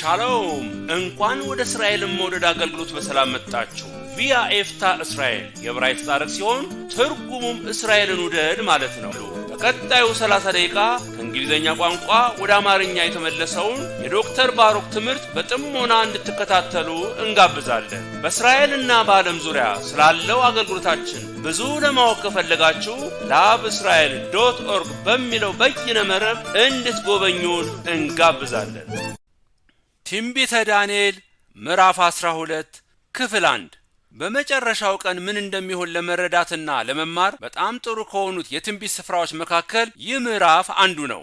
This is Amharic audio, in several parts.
ሻሎም እንኳን ወደ እስራኤልን መውደድ አገልግሎት በሰላም መጣችሁ። ቪያ ኤፍታ እስራኤል የዕብራይስጥ ታሪክ ሲሆን ትርጉሙም እስራኤልን ውደድ ማለት ነው። በቀጣዩ 30 ደቂቃ ከእንግሊዝኛ ቋንቋ ወደ አማርኛ የተመለሰውን የዶክተር ባሮክ ትምህርት በጥሞና እንድትከታተሉ እንጋብዛለን። በእስራኤልና በዓለም ዙሪያ ስላለው አገልግሎታችን ብዙ ለማወቅ ከፈለጋችሁ ላብ እስራኤል ዶት ኦርግ በሚለው በይነ መረብ እንድትጎበኙን እንጋብዛለን። ትንቢተ ዳንኤል ምዕራፍ 12 ክፍል 1 በመጨረሻው ቀን ምን እንደሚሆን ለመረዳትና ለመማር በጣም ጥሩ ከሆኑት የትንቢት ስፍራዎች መካከል ይህ ምዕራፍ አንዱ ነው።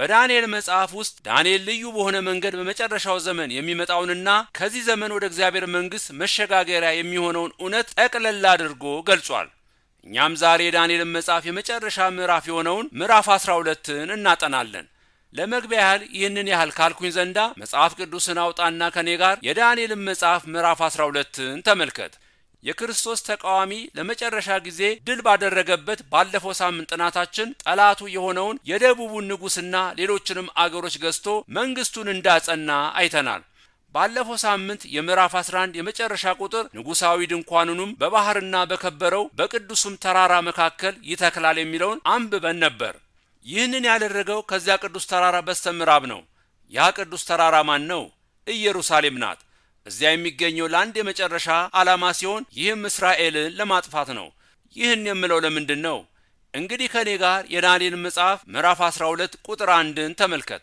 በዳንኤል መጽሐፍ ውስጥ ዳንኤል ልዩ በሆነ መንገድ በመጨረሻው ዘመን የሚመጣውንና ከዚህ ዘመን ወደ እግዚአብሔር መንግሥት መሸጋገሪያ የሚሆነውን እውነት ጠቅለል አድርጎ ገልጿል። እኛም ዛሬ የዳንኤልን መጽሐፍ የመጨረሻ ምዕራፍ የሆነውን ምዕራፍ 12ን እናጠናለን። ለመግቢያ ያህል ይህንን ያህል ካልኩኝ ዘንዳ መጽሐፍ ቅዱስን አውጣና ከኔ ጋር የዳንኤልን መጽሐፍ ምዕራፍ 12ን ተመልከት። የክርስቶስ ተቃዋሚ ለመጨረሻ ጊዜ ድል ባደረገበት ባለፈው ሳምንት ጥናታችን ጠላቱ የሆነውን የደቡቡን ንጉሥና ሌሎችንም አገሮች ገዝቶ መንግስቱን እንዳጸና አይተናል። ባለፈው ሳምንት የምዕራፍ 11 የመጨረሻ ቁጥር ንጉሳዊ ድንኳኑንም በባህርና በከበረው በቅዱሱም ተራራ መካከል ይተክላል የሚለውን አንብበን ነበር። ይህንን ያደረገው ከዚያ ቅዱስ ተራራ በስተ ምዕራብ ነው። ያ ቅዱስ ተራራ ማን ነው? ኢየሩሳሌም ናት። እዚያ የሚገኘው ለአንድ የመጨረሻ ዓላማ ሲሆን ይህም እስራኤልን ለማጥፋት ነው። ይህን የምለው ለምንድን ነው? እንግዲህ ከእኔ ጋር የዳንኤል መጽሐፍ ምዕራፍ 12 ቁጥር አንድን ተመልከት።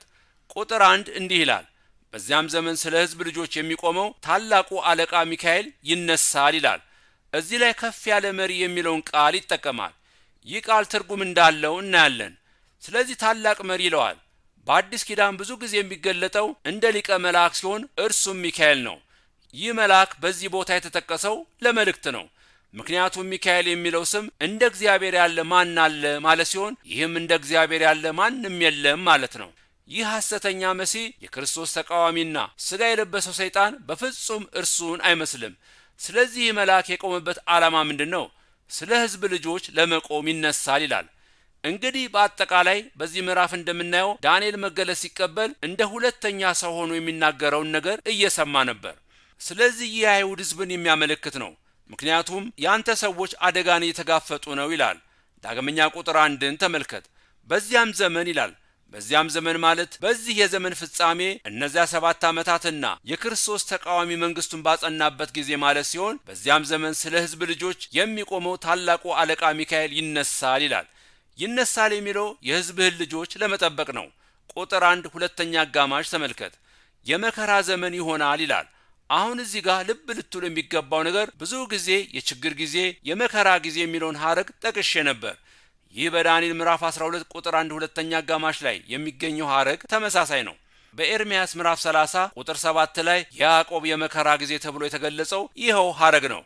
ቁጥር አንድ እንዲህ ይላል፣ በዚያም ዘመን ስለ ሕዝብ ልጆች የሚቆመው ታላቁ አለቃ ሚካኤል ይነሳል ይላል። እዚህ ላይ ከፍ ያለ መሪ የሚለውን ቃል ይጠቀማል። ይህ ቃል ትርጉም እንዳለው እናያለን። ስለዚህ ታላቅ መሪ ይለዋል። በአዲስ ኪዳን ብዙ ጊዜ የሚገለጠው እንደ ሊቀ መልአክ ሲሆን እርሱም ሚካኤል ነው። ይህ መልአክ በዚህ ቦታ የተጠቀሰው ለመልእክት ነው። ምክንያቱም ሚካኤል የሚለው ስም እንደ እግዚአብሔር ያለ ማን አለ ማለት ሲሆን ይህም እንደ እግዚአብሔር ያለ ማንም የለም ማለት ነው። ይህ ሐሰተኛ መሲህ የክርስቶስ ተቃዋሚና ሥጋ የለበሰው ሰይጣን በፍጹም እርሱን አይመስልም። ስለዚህ መልአክ የቆመበት ዓላማ ምንድን ነው? ስለ ሕዝብ ልጆች ለመቆም ይነሳል ይላል። እንግዲህ በአጠቃላይ በዚህ ምዕራፍ እንደምናየው ዳንኤል መገለጽ ሲቀበል እንደ ሁለተኛ ሰው ሆኖ የሚናገረውን ነገር እየሰማ ነበር። ስለዚህ ይህ አይሁድ ሕዝብን የሚያመለክት ነው። ምክንያቱም ያንተ ሰዎች አደጋን እየተጋፈጡ ነው ይላል። ዳግመኛ ቁጥር አንድን ተመልከት። በዚያም ዘመን ይላል። በዚያም ዘመን ማለት በዚህ የዘመን ፍጻሜ እነዚያ ሰባት ዓመታትና የክርስቶስ ተቃዋሚ መንግስቱን ባጸናበት ጊዜ ማለት ሲሆን በዚያም ዘመን ስለ ሕዝብ ልጆች የሚቆመው ታላቁ አለቃ ሚካኤል ይነሳል ይላል። ይነሳል የሚለው የሕዝብህን ልጆች ለመጠበቅ ነው። ቁጥር አንድ ሁለተኛ አጋማሽ ተመልከት። የመከራ ዘመን ይሆናል ይላል። አሁን እዚህ ጋር ልብ ልትሉ የሚገባው ነገር ብዙ ጊዜ የችግር ጊዜ፣ የመከራ ጊዜ የሚለውን ሀረግ ጠቅሼ ነበር። ይህ በዳንኤል ምዕራፍ 12 ቁጥር አንድ ሁለተኛ አጋማሽ ላይ የሚገኘው ሀረግ ተመሳሳይ ነው። በኤርምያስ ምዕራፍ 30 ቁጥር 7 ላይ የያዕቆብ የመከራ ጊዜ ተብሎ የተገለጸው ይኸው ሀረግ ነው።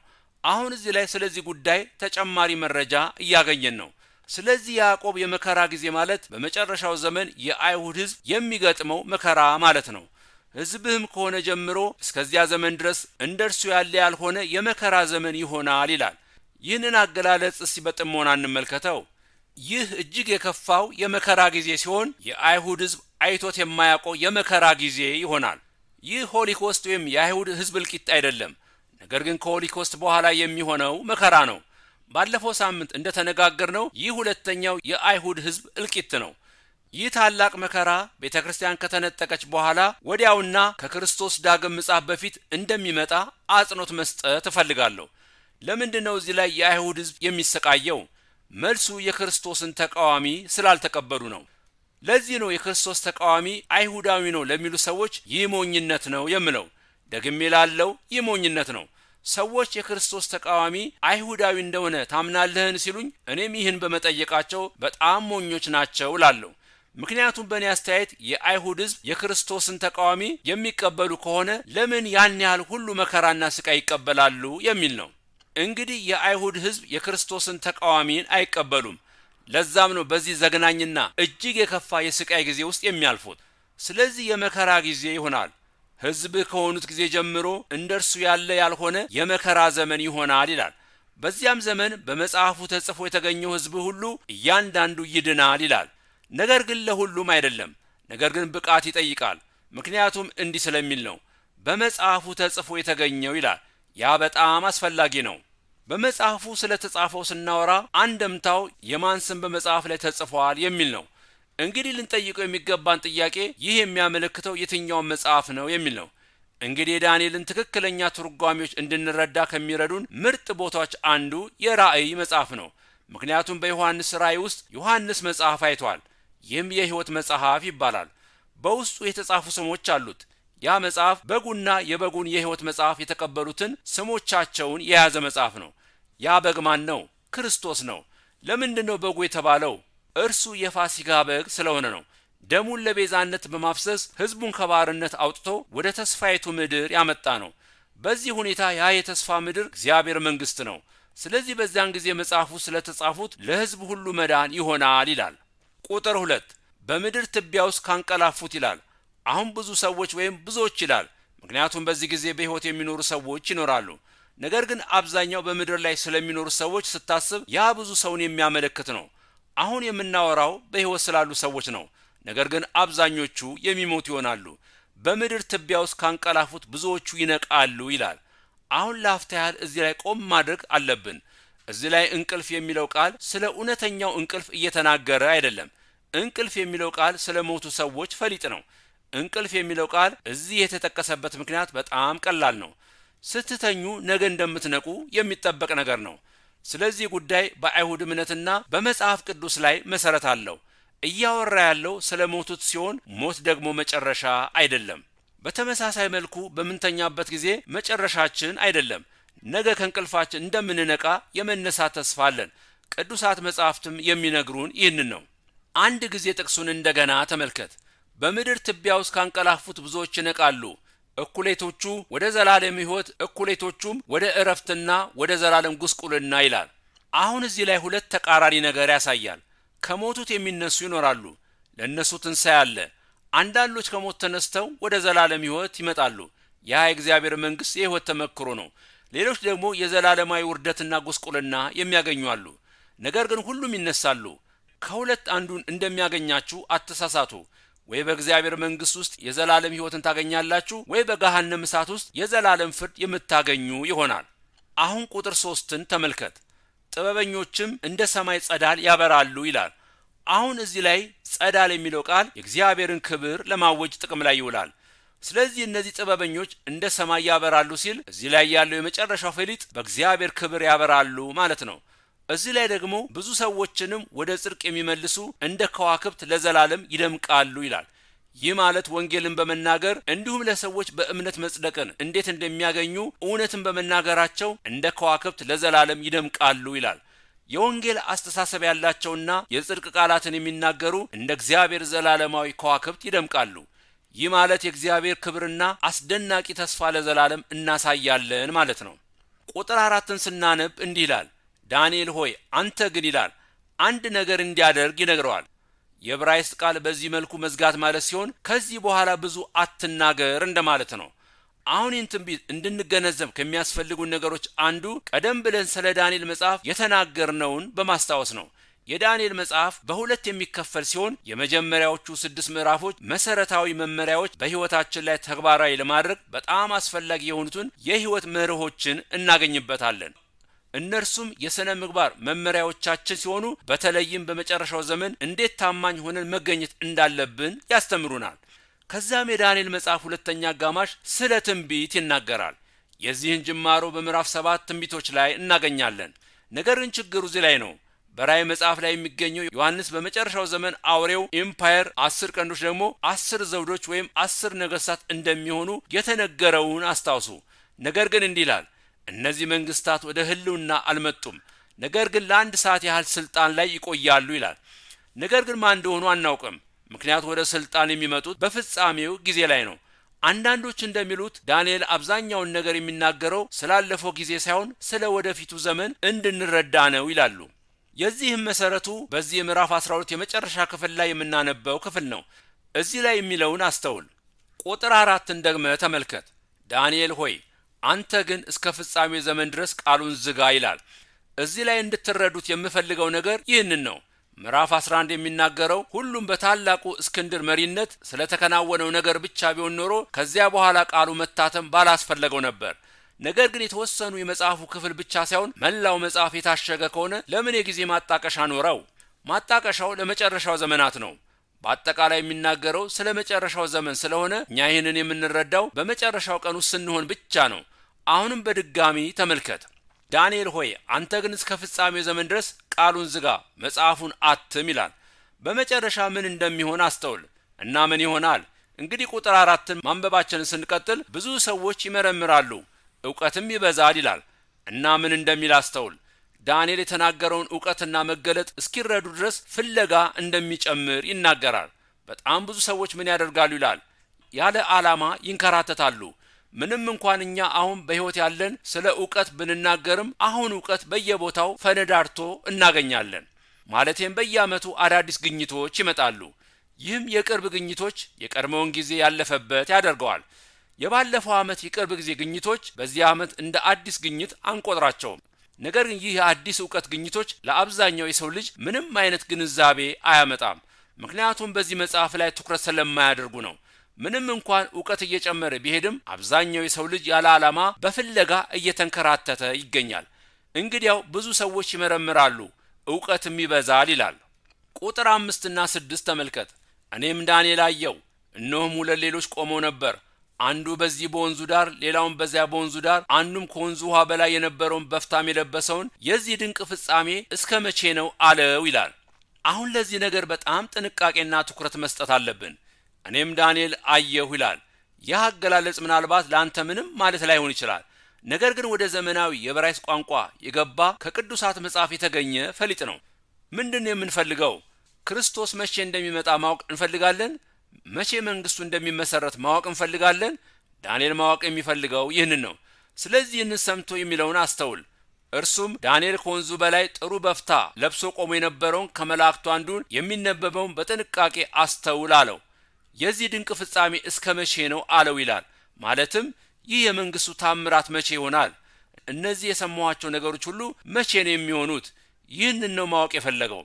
አሁን እዚህ ላይ ስለዚህ ጉዳይ ተጨማሪ መረጃ እያገኘን ነው። ስለዚህ ያዕቆብ የመከራ ጊዜ ማለት በመጨረሻው ዘመን የአይሁድ ሕዝብ የሚገጥመው መከራ ማለት ነው። ሕዝብህም ከሆነ ጀምሮ እስከዚያ ዘመን ድረስ እንደ እርሱ ያለ ያልሆነ የመከራ ዘመን ይሆናል ይላል። ይህንን አገላለጽ እስቲ በጥሞና እንመልከተው። ይህ እጅግ የከፋው የመከራ ጊዜ ሲሆን የአይሁድ ሕዝብ አይቶት የማያውቀው የመከራ ጊዜ ይሆናል። ይህ ሆሊኮስት ወይም የአይሁድ ሕዝብ እልቂት አይደለም። ነገር ግን ከሆሊኮስት በኋላ የሚሆነው መከራ ነው። ባለፈው ሳምንት እንደተነጋገርነው ይህ ሁለተኛው የአይሁድ ህዝብ እልቂት ነው። ይህ ታላቅ መከራ ቤተ ክርስቲያን ከተነጠቀች በኋላ ወዲያውና ከክርስቶስ ዳግም ምጽአት በፊት እንደሚመጣ አጽንኦት መስጠት እፈልጋለሁ። ለምንድን ነው እዚህ ላይ የአይሁድ ህዝብ የሚሰቃየው? መልሱ የክርስቶስን ተቃዋሚ ስላልተቀበሉ ነው። ለዚህ ነው የክርስቶስ ተቃዋሚ አይሁዳዊ ነው ለሚሉ ሰዎች ይህ ሞኝነት ነው የምለው። ደግሜ ላለው ይህ ሞኝነት ነው። ሰዎች የክርስቶስ ተቃዋሚ አይሁዳዊ እንደሆነ ታምናለህን ሲሉኝ እኔም ይህን በመጠየቃቸው በጣም ሞኞች ናቸው እላለሁ። ምክንያቱም በእኔ አስተያየት የአይሁድ ሕዝብ የክርስቶስን ተቃዋሚ የሚቀበሉ ከሆነ ለምን ያን ያህል ሁሉ መከራና ስቃይ ይቀበላሉ የሚል ነው። እንግዲህ የአይሁድ ሕዝብ የክርስቶስን ተቃዋሚን አይቀበሉም። ለዛም ነው በዚህ ዘግናኝና እጅግ የከፋ የስቃይ ጊዜ ውስጥ የሚያልፉት። ስለዚህ የመከራ ጊዜ ይሆናል። ሕዝብህ ከሆኑት ጊዜ ጀምሮ እንደ እርሱ ያለ ያልሆነ የመከራ ዘመን ይሆናል ይላል። በዚያም ዘመን በመጽሐፉ ተጽፎ የተገኘው ሕዝብ ሁሉ እያንዳንዱ ይድናል ይላል። ነገር ግን ለሁሉም አይደለም። ነገር ግን ብቃት ይጠይቃል። ምክንያቱም እንዲህ ስለሚል ነው በመጽሐፉ ተጽፎ የተገኘው ይላል። ያ በጣም አስፈላጊ ነው። በመጽሐፉ ተጻፈው ስናወራ አንድምታው የማን ስም በመጽሐፍ ላይ ተጽፏል የሚል ነው። እንግዲህ ልንጠይቀው የሚገባን ጥያቄ ይህ የሚያመለክተው የትኛውን መጽሐፍ ነው የሚል ነው። እንግዲህ የዳንኤልን ትክክለኛ ትርጓሚዎች እንድንረዳ ከሚረዱን ምርጥ ቦታዎች አንዱ የራእይ መጽሐፍ ነው። ምክንያቱም በዮሐንስ ራእይ ውስጥ ዮሐንስ መጽሐፍ አይቷል። ይህም የሕይወት መጽሐፍ ይባላል። በውስጡ የተጻፉ ስሞች አሉት። ያ መጽሐፍ በጉና የበጉን የሕይወት መጽሐፍ የተቀበሉትን ስሞቻቸውን የያዘ መጽሐፍ ነው። ያ በግ ማን ነው? ክርስቶስ ነው። ለምንድን ነው በጉ የተባለው? እርሱ የፋሲካ በግ ስለሆነ ነው። ደሙን ለቤዛነት በማፍሰስ ሕዝቡን ከባርነት አውጥቶ ወደ ተስፋይቱ ምድር ያመጣ ነው። በዚህ ሁኔታ ያ የተስፋ ምድር እግዚአብሔር መንግስት ነው። ስለዚህ በዚያን ጊዜ መጽሐፉ ስለተጻፉት ለሕዝብ ሁሉ መዳን ይሆናል ይላል። ቁጥር ሁለት በምድር ትቢያ ውስጥ ካንቀላፉት ይላል። አሁን ብዙ ሰዎች ወይም ብዙዎች ይላል። ምክንያቱም በዚህ ጊዜ በሕይወት የሚኖሩ ሰዎች ይኖራሉ። ነገር ግን አብዛኛው በምድር ላይ ስለሚኖሩ ሰዎች ስታስብ ያ ብዙ ሰውን የሚያመለክት ነው። አሁን የምናወራው በሕይወት ስላሉ ሰዎች ነው። ነገር ግን አብዛኞቹ የሚሞቱ ይሆናሉ። በምድር ትቢያ ውስጥ ካንቀላፉት ብዙዎቹ ይነቃሉ ይላል። አሁን ለአፍታ ያህል እዚህ ላይ ቆም ማድረግ አለብን። እዚህ ላይ እንቅልፍ የሚለው ቃል ስለ እውነተኛው እንቅልፍ እየተናገረ አይደለም። እንቅልፍ የሚለው ቃል ስለ ሞቱ ሰዎች ፈሊጥ ነው። እንቅልፍ የሚለው ቃል እዚህ የተጠቀሰበት ምክንያት በጣም ቀላል ነው። ስትተኙ ነገ እንደምትነቁ የሚጠበቅ ነገር ነው። ስለዚህ ጉዳይ በአይሁድ እምነትና በመጽሐፍ ቅዱስ ላይ መሰረት አለው። እያወራ ያለው ስለ ሞቱት ሲሆን ሞት ደግሞ መጨረሻ አይደለም። በተመሳሳይ መልኩ በምንተኛበት ጊዜ መጨረሻችን አይደለም። ነገ ከእንቅልፋችን እንደምንነቃ የመነሳት ተስፋ አለን። ቅዱሳት መጻሕፍትም የሚነግሩን ይህንን ነው። አንድ ጊዜ ጥቅሱን እንደገና ተመልከት። በምድር ትቢያ ውስጥ ካንቀላፉት ብዙዎች ይነቃሉ፣ እኩሌቶቹ ወደ ዘላለም ሕይወት እኩሌቶቹም ወደ እረፍትና ወደ ዘላለም ጉስቁልና ይላል። አሁን እዚህ ላይ ሁለት ተቃራኒ ነገር ያሳያል። ከሞቱት የሚነሱ ይኖራሉ፣ ለእነሱ ትንሣኤ አለ። አንዳንዶች ከሞት ተነስተው ወደ ዘላለም ሕይወት ይመጣሉ። ያ የእግዚአብሔር መንግሥት የሕይወት ተመክሮ ነው። ሌሎች ደግሞ የዘላለማዊ ውርደትና ጉስቁልና የሚያገኙ አሉ። ነገር ግን ሁሉም ይነሳሉ። ከሁለት አንዱን እንደሚያገኛችሁ አትሳሳቱ። ወይ በእግዚአብሔር መንግስት ውስጥ የዘላለም ሕይወትን ታገኛላችሁ ወይ በገሃነም እሳት ውስጥ የዘላለም ፍርድ የምታገኙ ይሆናል። አሁን ቁጥር ሶስትን ተመልከት። ጥበበኞችም እንደ ሰማይ ጸዳል ያበራሉ ይላል። አሁን እዚህ ላይ ጸዳል የሚለው ቃል የእግዚአብሔርን ክብር ለማወጅ ጥቅም ላይ ይውላል። ስለዚህ እነዚህ ጥበበኞች እንደ ሰማይ ያበራሉ ሲል እዚህ ላይ ያለው የመጨረሻው ፌሊጥ በእግዚአብሔር ክብር ያበራሉ ማለት ነው። እዚህ ላይ ደግሞ ብዙ ሰዎችንም ወደ ጽድቅ የሚመልሱ እንደ ከዋክብት ለዘላለም ይደምቃሉ ይላል። ይህ ማለት ወንጌልን በመናገር እንዲሁም ለሰዎች በእምነት መጽደቅን እንዴት እንደሚያገኙ እውነትን በመናገራቸው እንደ ከዋክብት ለዘላለም ይደምቃሉ ይላል። የወንጌል አስተሳሰብ ያላቸውና የጽድቅ ቃላትን የሚናገሩ እንደ እግዚአብሔር ዘላለማዊ ከዋክብት ይደምቃሉ። ይህ ማለት የእግዚአብሔር ክብርና አስደናቂ ተስፋ ለዘላለም እናሳያለን ማለት ነው። ቁጥር አራትን ስናነብ እንዲህ ይላል ዳንኤል ሆይ አንተ ግን ይላል አንድ ነገር እንዲያደርግ ይነግረዋል። የዕብራይስጥ ቃል በዚህ መልኩ መዝጋት ማለት ሲሆን ከዚህ በኋላ ብዙ አትናገር እንደማለት ነው። አሁን ይህን ትንቢት እንድንገነዘብ ከሚያስፈልጉን ነገሮች አንዱ ቀደም ብለን ስለ ዳንኤል መጽሐፍ የተናገርነውን በማስታወስ ነው። የዳንኤል መጽሐፍ በሁለት የሚከፈል ሲሆን የመጀመሪያዎቹ ስድስት ምዕራፎች መሰረታዊ መመሪያዎች በሕይወታችን ላይ ተግባራዊ ለማድረግ በጣም አስፈላጊ የሆኑትን የሕይወት መርሆችን እናገኝበታለን። እነርሱም የሥነ ምግባር መመሪያዎቻችን ሲሆኑ በተለይም በመጨረሻው ዘመን እንዴት ታማኝ ሆነን መገኘት እንዳለብን ያስተምሩናል። ከዚያም የዳንኤል መጽሐፍ ሁለተኛ አጋማሽ ስለ ትንቢት ይናገራል። የዚህን ጅማሮ በምዕራፍ ሰባት ትንቢቶች ላይ እናገኛለን። ነገር ግን ችግሩ እዚህ ላይ ነው። በራእይ መጽሐፍ ላይ የሚገኘው ዮሐንስ በመጨረሻው ዘመን አውሬው ኢምፓየር አስር ቀንዶች ደግሞ አስር ዘውዶች ወይም አስር ነገስታት እንደሚሆኑ የተነገረውን አስታውሱ። ነገር ግን እንዲህ ይላል እነዚህ መንግስታት ወደ ህልውና አልመጡም፣ ነገር ግን ለአንድ ሰዓት ያህል ስልጣን ላይ ይቆያሉ ይላል። ነገር ግን ማን እንደሆኑ አናውቅም፣ ምክንያቱ ወደ ስልጣን የሚመጡት በፍጻሜው ጊዜ ላይ ነው። አንዳንዶች እንደሚሉት ዳንኤል አብዛኛውን ነገር የሚናገረው ስላለፈው ጊዜ ሳይሆን ስለ ወደፊቱ ዘመን እንድንረዳ ነው ይላሉ። የዚህም መሰረቱ በዚህ የምዕራፍ 12 የመጨረሻ ክፍል ላይ የምናነበው ክፍል ነው። እዚህ ላይ የሚለውን አስተውል። ቁጥር አራትን ደግመ ተመልከት። ዳንኤል ሆይ አንተ ግን እስከ ፍጻሜ ዘመን ድረስ ቃሉን ዝጋ ይላል። እዚህ ላይ እንድትረዱት የምፈልገው ነገር ይህንን ነው። ምዕራፍ 11 የሚናገረው ሁሉም በታላቁ እስክንድር መሪነት ስለተከናወነው ነገር ብቻ ቢሆን ኖሮ ከዚያ በኋላ ቃሉ መታተም ባላስፈለገው ነበር። ነገር ግን የተወሰኑ የመጽሐፉ ክፍል ብቻ ሳይሆን መላው መጽሐፍ የታሸገ ከሆነ ለምን የጊዜ ማጣቀሻ ኖረው? ማጣቀሻው ለመጨረሻው ዘመናት ነው። በአጠቃላይ የሚናገረው ስለ መጨረሻው ዘመን ስለሆነ እኛ ይህንን የምንረዳው በመጨረሻው ቀን ውስጥ ስንሆን ብቻ ነው። አሁንም በድጋሚ ተመልከት። ዳንኤል ሆይ አንተ ግን እስከ ፍጻሜው ዘመን ድረስ ቃሉን ዝጋ፣ መጽሐፉን አትም ይላል። በመጨረሻ ምን እንደሚሆን አስተውል እና ምን ይሆናል? እንግዲህ ቁጥር አራትን ማንበባችንን ስንቀጥል ብዙ ሰዎች ይመረምራሉ፣ እውቀትም ይበዛል ይላል እና ምን እንደሚል አስተውል ዳንኤል የተናገረውን እውቀትና መገለጥ እስኪረዱ ድረስ ፍለጋ እንደሚጨምር ይናገራል። በጣም ብዙ ሰዎች ምን ያደርጋሉ ይላል፣ ያለ ዓላማ ይንከራተታሉ። ምንም እንኳን እኛ አሁን በሕይወት ያለን ስለ እውቀት ብንናገርም አሁን እውቀት በየቦታው ፈነዳርቶ እናገኛለን። ማለትም በየዓመቱ አዳዲስ ግኝቶች ይመጣሉ። ይህም የቅርብ ግኝቶች የቀድሞውን ጊዜ ያለፈበት ያደርገዋል። የባለፈው ዓመት የቅርብ ጊዜ ግኝቶች በዚህ ዓመት እንደ አዲስ ግኝት አንቆጥራቸውም። ነገር ግን ይህ የአዲስ እውቀት ግኝቶች ለአብዛኛው የሰው ልጅ ምንም አይነት ግንዛቤ አያመጣም። ምክንያቱም በዚህ መጽሐፍ ላይ ትኩረት ስለማያደርጉ ነው። ምንም እንኳን እውቀት እየጨመረ ቢሄድም አብዛኛው የሰው ልጅ ያለ ዓላማ በፍለጋ እየተንከራተተ ይገኛል። እንግዲያው ብዙ ሰዎች ይመረምራሉ፣ እውቀትም ይበዛል ይላል። ቁጥር አምስትና ስድስት ተመልከት። እኔም ዳንኤል አየው፣ እነሆም ሁለት ሌሎች ቆመው ነበር አንዱ በዚህ በወንዙ ዳር ሌላውም በዚያ በወንዙ ዳር አንዱም ከወንዙ ውሃ በላይ የነበረውን በፍታም የለበሰውን የዚህ ድንቅ ፍጻሜ እስከ መቼ ነው አለው ይላል። አሁን ለዚህ ነገር በጣም ጥንቃቄና ትኩረት መስጠት አለብን። እኔም ዳንኤል አየሁ ይላል። ይህ አገላለጽ ምናልባት ለአንተ ምንም ማለት ላይሆን ይችላል። ነገር ግን ወደ ዘመናዊ የዕብራይስጥ ቋንቋ የገባ ከቅዱሳት መጽሐፍ የተገኘ ፈሊጥ ነው። ምንድን ነው የምንፈልገው? ክርስቶስ መቼ እንደሚመጣ ማወቅ እንፈልጋለን። መቼ መንግስቱ እንደሚመሰረት ማወቅ እንፈልጋለን። ዳንኤል ማወቅ የሚፈልገው ይህንን ነው። ስለዚህ ይህንን ሰምቶ የሚለውን አስተውል። እርሱም ዳንኤል ከወንዙ በላይ ጥሩ በፍታ ለብሶ ቆሞ የነበረውን ከመላእክቱ አንዱን የሚነበበውን በጥንቃቄ አስተውል አለው። የዚህ ድንቅ ፍጻሜ እስከ መቼ ነው አለው ይላል። ማለትም ይህ የመንግስቱ ታምራት መቼ ይሆናል? እነዚህ የሰማኋቸው ነገሮች ሁሉ መቼ ነው የሚሆኑት? ይህንን ነው ማወቅ የፈለገው።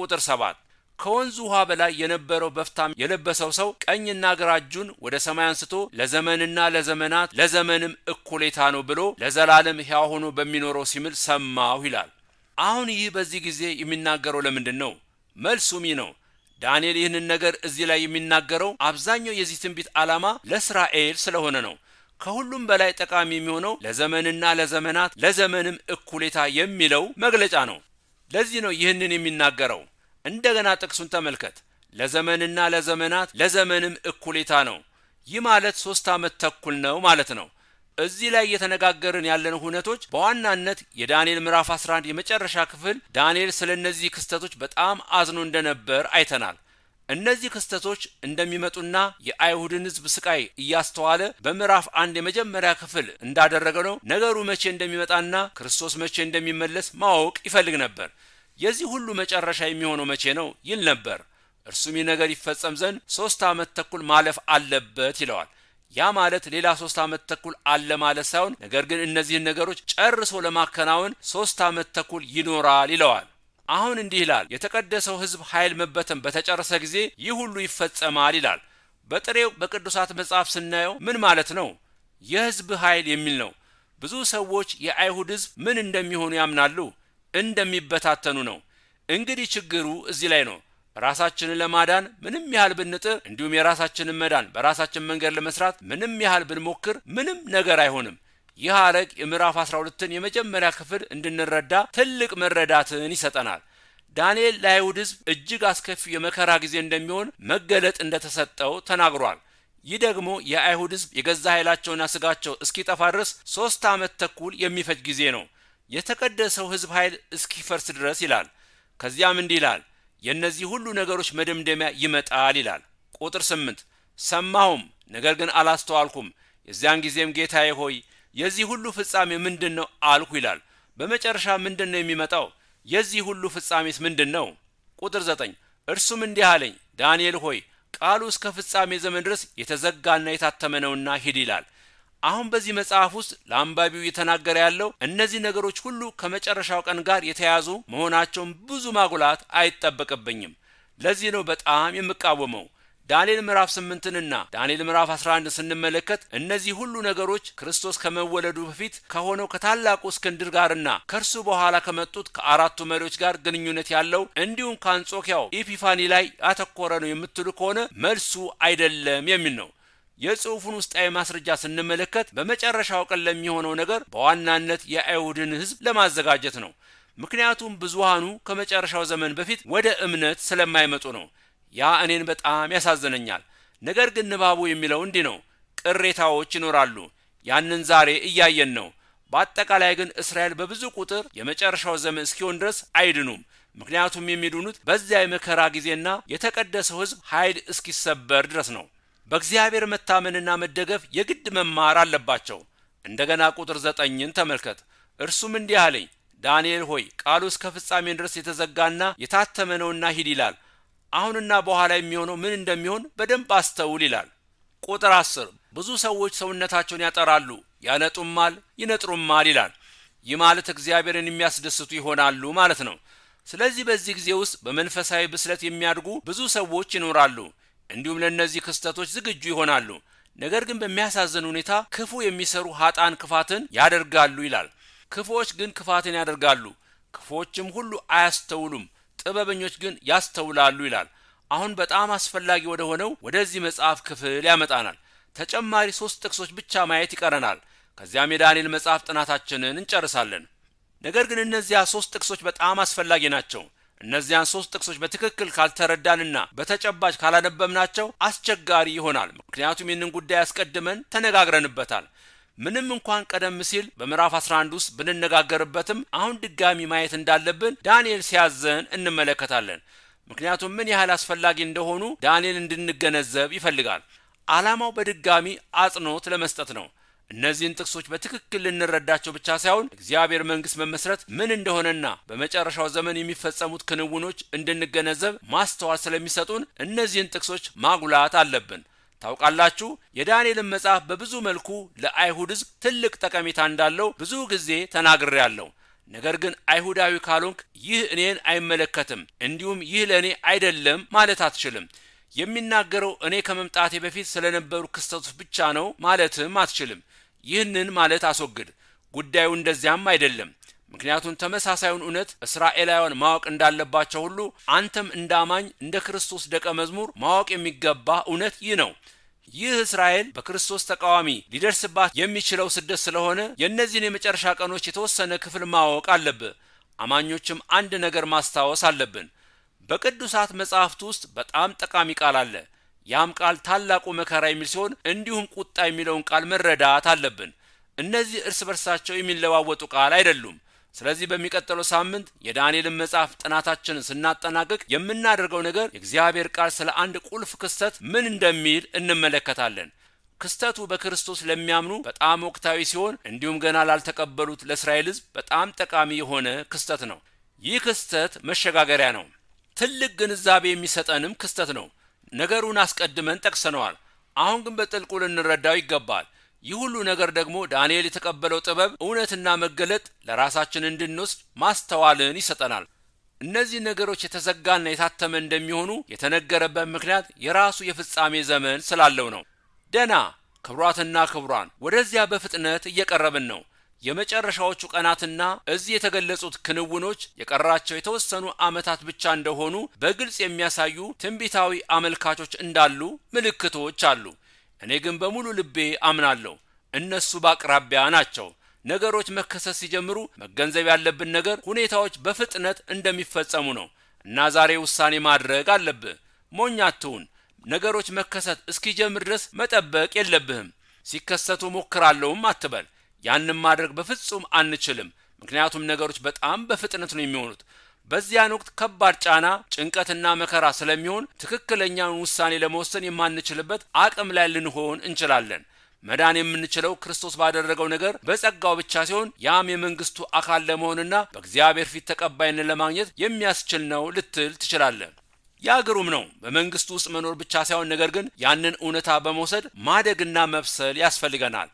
ቁጥር ሰባት ከወንዙ ውሃ በላይ የነበረው በፍታም የለበሰው ሰው ቀኝና ግራ እጁን ወደ ሰማይ አንስቶ ለዘመንና ለዘመናት ለዘመንም እኩሌታ ነው ብሎ ለዘላለም ሕያው ሆኖ በሚኖረው ሲምል ሰማሁ ይላል። አሁን ይህ በዚህ ጊዜ የሚናገረው ለምንድን ነው? መልሱም ይህ ነው። ዳንኤል ይህንን ነገር እዚህ ላይ የሚናገረው አብዛኛው የዚህ ትንቢት ዓላማ ለእስራኤል ስለሆነ ነው። ከሁሉም በላይ ጠቃሚ የሚሆነው ለዘመንና ለዘመናት ለዘመንም እኩሌታ የሚለው መግለጫ ነው። ለዚህ ነው ይህንን የሚናገረው። እንደገና ጥቅሱን ተመልከት። ለዘመንና ለዘመናት ለዘመንም እኩሌታ ነው። ይህ ማለት ሶስት ዓመት ተኩል ነው ማለት ነው። እዚህ ላይ እየተነጋገርን ያለን ሁነቶች በዋናነት የዳንኤል ምዕራፍ 11 የመጨረሻ ክፍል ዳንኤል ስለ እነዚህ ክስተቶች በጣም አዝኖ እንደነበር አይተናል። እነዚህ ክስተቶች እንደሚመጡና የአይሁድን ሕዝብ ስቃይ እያስተዋለ በምዕራፍ አንድ የመጀመሪያ ክፍል እንዳደረገ ነው ነገሩ መቼ እንደሚመጣና ክርስቶስ መቼ እንደሚመለስ ማወቅ ይፈልግ ነበር። የዚህ ሁሉ መጨረሻ የሚሆነው መቼ ነው ይል ነበር። እርሱም ይህ ነገር ይፈጸም ዘንድ ሶስት ዓመት ተኩል ማለፍ አለበት ይለዋል። ያ ማለት ሌላ ሶስት ዓመት ተኩል አለ ማለት ሳይሆን ነገር ግን እነዚህን ነገሮች ጨርሶ ለማከናወን ሶስት ዓመት ተኩል ይኖራል ይለዋል። አሁን እንዲህ ይላል፣ የተቀደሰው ሕዝብ ኃይል መበተን በተጨረሰ ጊዜ ይህ ሁሉ ይፈጸማል ይላል። በጥሬው በቅዱሳት መጽሐፍ ስናየው ምን ማለት ነው? የሕዝብ ኃይል የሚል ነው። ብዙ ሰዎች የአይሁድ ሕዝብ ምን እንደሚሆኑ ያምናሉ። እንደሚበታተኑ ነው። እንግዲህ ችግሩ እዚህ ላይ ነው። ራሳችንን ለማዳን ምንም ያህል ብንጥር እንዲሁም የራሳችንን መዳን በራሳችን መንገድ ለመስራት ምንም ያህል ብንሞክር ምንም ነገር አይሆንም። ይህ አረግ የምዕራፍ 12ን የመጀመሪያ ክፍል እንድንረዳ ትልቅ መረዳትን ይሰጠናል። ዳንኤል ለአይሁድ ሕዝብ እጅግ አስከፊ የመከራ ጊዜ እንደሚሆን መገለጥ እንደተሰጠው ተናግሯል። ይህ ደግሞ የአይሁድ ሕዝብ የገዛ ኃይላቸውና ስጋቸው እስኪጠፋ ድረስ ሶስት ዓመት ተኩል የሚፈጅ ጊዜ ነው። የተቀደሰው ሕዝብ ኃይል እስኪፈርስ ድረስ ይላል። ከዚያም እንዲህ ይላል የእነዚህ ሁሉ ነገሮች መደምደሚያ ይመጣል ይላል። ቁጥር ስምንት ሰማሁም፣ ነገር ግን አላስተዋልኩም። የዚያን ጊዜም ጌታዬ ሆይ የዚህ ሁሉ ፍጻሜ ምንድን ነው አልኩ ይላል። በመጨረሻ ምንድን ነው የሚመጣው? የዚህ ሁሉ ፍጻሜስ ምንድን ነው? ቁጥር ዘጠኝ እርሱም እንዲህ አለኝ፣ ዳንኤል ሆይ ቃሉ እስከ ፍጻሜ ዘመን ድረስ የተዘጋና የታተመ ነውና ሂድ ይላል። አሁን በዚህ መጽሐፍ ውስጥ ለአንባቢው እየተናገረ ያለው እነዚህ ነገሮች ሁሉ ከመጨረሻው ቀን ጋር የተያያዙ መሆናቸውን ብዙ ማጉላት አይጠበቅብኝም። ለዚህ ነው በጣም የምቃወመው። ዳንኤል ምዕራፍ ስምንትንና ዳንኤል ምዕራፍ 11 ስንመለከት እነዚህ ሁሉ ነገሮች ክርስቶስ ከመወለዱ በፊት ከሆነው ከታላቁ እስክንድር ጋርና ከእርሱ በኋላ ከመጡት ከአራቱ መሪዎች ጋር ግንኙነት ያለው እንዲሁም ከአንጾኪያው ኢፒፋኒ ላይ ያተኮረ ነው የምትሉ ከሆነ መልሱ አይደለም የሚል ነው። የጽሑፉን ውስጣዊ ማስረጃ ስንመለከት በመጨረሻው ቀን ለሚሆነው ነገር በዋናነት የአይሁድን ሕዝብ ለማዘጋጀት ነው። ምክንያቱም ብዙሃኑ ከመጨረሻው ዘመን በፊት ወደ እምነት ስለማይመጡ ነው። ያ እኔን በጣም ያሳዝነኛል። ነገር ግን ንባቡ የሚለው እንዲህ ነው፣ ቅሬታዎች ይኖራሉ። ያንን ዛሬ እያየን ነው። በአጠቃላይ ግን እስራኤል በብዙ ቁጥር የመጨረሻው ዘመን እስኪሆን ድረስ አይድኑም። ምክንያቱም የሚድኑት በዚያ የመከራ ጊዜና የተቀደሰው ሕዝብ ኃይል እስኪሰበር ድረስ ነው። በእግዚአብሔር መታመንና መደገፍ የግድ መማር አለባቸው። እንደገና ቁጥር ዘጠኝን ተመልከት። እርሱም እንዲህ አለኝ፣ ዳንኤል ሆይ ቃሉ እስከ ፍጻሜን ድረስ የተዘጋና የታተመ ነውና ሂድ ይላል። አሁንና በኋላ የሚሆነው ምን እንደሚሆን በደንብ አስተውል ይላል። ቁጥር አስር ብዙ ሰዎች ሰውነታቸውን ያጠራሉ፣ ያነጡማል፣ ይነጥሩማል ይላል። ይህ ማለት እግዚአብሔርን የሚያስደስቱ ይሆናሉ ማለት ነው። ስለዚህ በዚህ ጊዜ ውስጥ በመንፈሳዊ ብስለት የሚያድጉ ብዙ ሰዎች ይኖራሉ። እንዲሁም ለእነዚህ ክስተቶች ዝግጁ ይሆናሉ። ነገር ግን በሚያሳዝን ሁኔታ ክፉ የሚሰሩ ሀጣን ክፋትን ያደርጋሉ ይላል። ክፉዎች ግን ክፋትን ያደርጋሉ፣ ክፉዎችም ሁሉ አያስተውሉም፣ ጥበበኞች ግን ያስተውላሉ ይላል። አሁን በጣም አስፈላጊ ወደ ሆነው ወደዚህ መጽሐፍ ክፍል ያመጣናል። ተጨማሪ ሶስት ጥቅሶች ብቻ ማየት ይቀረናል። ከዚያም የዳንኤል መጽሐፍ ጥናታችንን እንጨርሳለን። ነገር ግን እነዚያ ሶስት ጥቅሶች በጣም አስፈላጊ ናቸው። እነዚያን ሶስት ጥቅሶች በትክክል ካልተረዳንና በተጨባጭ ካላነበብናቸው አስቸጋሪ ይሆናል። ምክንያቱም ይህንን ጉዳይ አስቀድመን ተነጋግረንበታል። ምንም እንኳን ቀደም ሲል በምዕራፍ 11 ውስጥ ብንነጋገርበትም አሁን ድጋሚ ማየት እንዳለብን ዳንኤል ሲያዘን እንመለከታለን። ምክንያቱም ምን ያህል አስፈላጊ እንደሆኑ ዳንኤል እንድንገነዘብ ይፈልጋል። ዓላማው በድጋሚ አጽንኦት ለመስጠት ነው። እነዚህን ጥቅሶች በትክክል ልንረዳቸው ብቻ ሳይሆን እግዚአብሔር መንግስት መመስረት ምን እንደሆነና በመጨረሻው ዘመን የሚፈጸሙት ክንውኖች እንድንገነዘብ ማስተዋል ስለሚሰጡን እነዚህን ጥቅሶች ማጉላት አለብን። ታውቃላችሁ የዳንኤልን መጽሐፍ በብዙ መልኩ ለአይሁድ ሕዝብ ትልቅ ጠቀሜታ እንዳለው ብዙ ጊዜ ተናግሬያለሁ። ነገር ግን አይሁዳዊ ካልሆንክ ይህ እኔን አይመለከትም፣ እንዲሁም ይህ ለእኔ አይደለም ማለት አትችልም። የሚናገረው እኔ ከመምጣቴ በፊት ስለነበሩ ክስተቶች ብቻ ነው ማለትም አትችልም። ይህንን ማለት አስወግድ። ጉዳዩ እንደዚያም አይደለም። ምክንያቱም ተመሳሳዩን እውነት እስራኤላውያን ማወቅ እንዳለባቸው ሁሉ አንተም እንደ አማኝ እንደ ክርስቶስ ደቀ መዝሙር ማወቅ የሚገባ እውነት ይህ ነው። ይህ እስራኤል በክርስቶስ ተቃዋሚ ሊደርስባት የሚችለው ስደት ስለሆነ የእነዚህን የመጨረሻ ቀኖች የተወሰነ ክፍል ማወቅ አለብህ። አማኞችም አንድ ነገር ማስታወስ አለብን። በቅዱሳት መጻሕፍት ውስጥ በጣም ጠቃሚ ቃል አለ። ያም ቃል ታላቁ መከራ የሚል ሲሆን እንዲሁም ቁጣ የሚለውን ቃል መረዳት አለብን። እነዚህ እርስ በርሳቸው የሚለዋወጡ ቃል አይደሉም። ስለዚህ በሚቀጥለው ሳምንት የዳንኤልን መጽሐፍ ጥናታችንን ስናጠናቅቅ የምናደርገው ነገር የእግዚአብሔር ቃል ስለ አንድ ቁልፍ ክስተት ምን እንደሚል እንመለከታለን። ክስተቱ በክርስቶስ ለሚያምኑ በጣም ወቅታዊ ሲሆን እንዲሁም ገና ላልተቀበሉት ለእስራኤል ሕዝብ በጣም ጠቃሚ የሆነ ክስተት ነው። ይህ ክስተት መሸጋገሪያ ነው። ትልቅ ግንዛቤ የሚሰጠንም ክስተት ነው። ነገሩን አስቀድመን ጠቅሰነዋል። አሁን ግን በጥልቁ ልንረዳው ይገባል። ይህ ሁሉ ነገር ደግሞ ዳንኤል የተቀበለው ጥበብ እውነትና መገለጥ ለራሳችን እንድንወስድ ማስተዋልን ይሰጠናል። እነዚህ ነገሮች የተዘጋና የታተመ እንደሚሆኑ የተነገረበት ምክንያት የራሱ የፍጻሜ ዘመን ስላለው ነው። ደና ክብሯትና ክብሯን ወደዚያ በፍጥነት እየቀረብን ነው። የመጨረሻዎቹ ቀናትና እዚህ የተገለጹት ክንውኖች የቀራቸው የተወሰኑ ዓመታት ብቻ እንደሆኑ በግልጽ የሚያሳዩ ትንቢታዊ አመልካቾች እንዳሉ ምልክቶች አሉ። እኔ ግን በሙሉ ልቤ አምናለሁ፣ እነሱ በአቅራቢያ ናቸው። ነገሮች መከሰት ሲጀምሩ መገንዘብ ያለብን ነገር ሁኔታዎች በፍጥነት እንደሚፈጸሙ ነው እና ዛሬ ውሳኔ ማድረግ አለብህ። ሞኝ አትሁን። ነገሮች መከሰት እስኪጀምር ድረስ መጠበቅ የለብህም። ሲከሰቱ ሞክራለሁም አትበል። ያንን ማድረግ በፍጹም አንችልም። ምክንያቱም ነገሮች በጣም በፍጥነት ነው የሚሆኑት። በዚያን ወቅት ከባድ ጫና፣ ጭንቀትና መከራ ስለሚሆን ትክክለኛውን ውሳኔ ለመወሰን የማንችልበት አቅም ላይ ልንሆን እንችላለን። መዳን የምንችለው ክርስቶስ ባደረገው ነገር በጸጋው ብቻ ሲሆን ያም የመንግስቱ አካል ለመሆንና በእግዚአብሔር ፊት ተቀባይነት ለማግኘት የሚያስችል ነው ልትል ትችላለን። ያ ግሩም ነው። በመንግስቱ ውስጥ መኖር ብቻ ሳይሆን ነገር ግን ያንን እውነታ በመውሰድ ማደግና መብሰል ያስፈልገናል።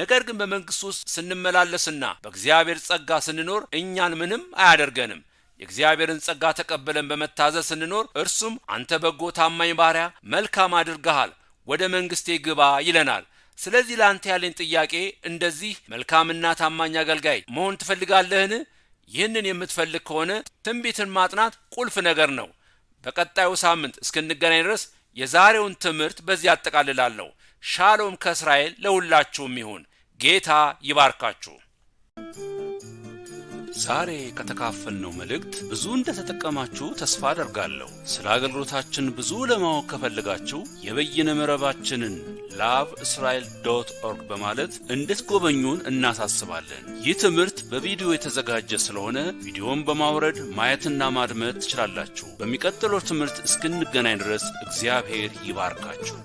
ነገር ግን በመንግስት ውስጥ ስንመላለስና በእግዚአብሔር ጸጋ ስንኖር እኛን ምንም አያደርገንም። የእግዚአብሔርን ጸጋ ተቀበለን በመታዘዝ ስንኖር እርሱም አንተ በጎ ታማኝ ባሪያ መልካም አድርገሃል፣ ወደ መንግስቴ ግባ ይለናል። ስለዚህ ለአንተ ያለኝ ጥያቄ እንደዚህ መልካምና ታማኝ አገልጋይ መሆን ትፈልጋለህን? ይህንን የምትፈልግ ከሆነ ትንቢትን ማጥናት ቁልፍ ነገር ነው። በቀጣዩ ሳምንት እስክንገናኝ ድረስ የዛሬውን ትምህርት በዚህ አጠቃልላለሁ። ሻሎም ከእስራኤል ለሁላችሁም ይሁን። ጌታ ይባርካችሁ። ዛሬ ከተካፈልነው መልእክት ብዙ እንደተጠቀማችሁ ተስፋ አደርጋለሁ። ስለ አገልግሎታችን ብዙ ለማወቅ ከፈልጋችሁ የበይነ መረባችንን ላቭ እስራኤል ዶት ኦርግ በማለት እንድትጎበኙን እናሳስባለን። ይህ ትምህርት በቪዲዮ የተዘጋጀ ስለሆነ ቪዲዮን በማውረድ ማየትና ማድመጥ ትችላላችሁ። በሚቀጥለው ትምህርት እስክንገናኝ ድረስ እግዚአብሔር ይባርካችሁ።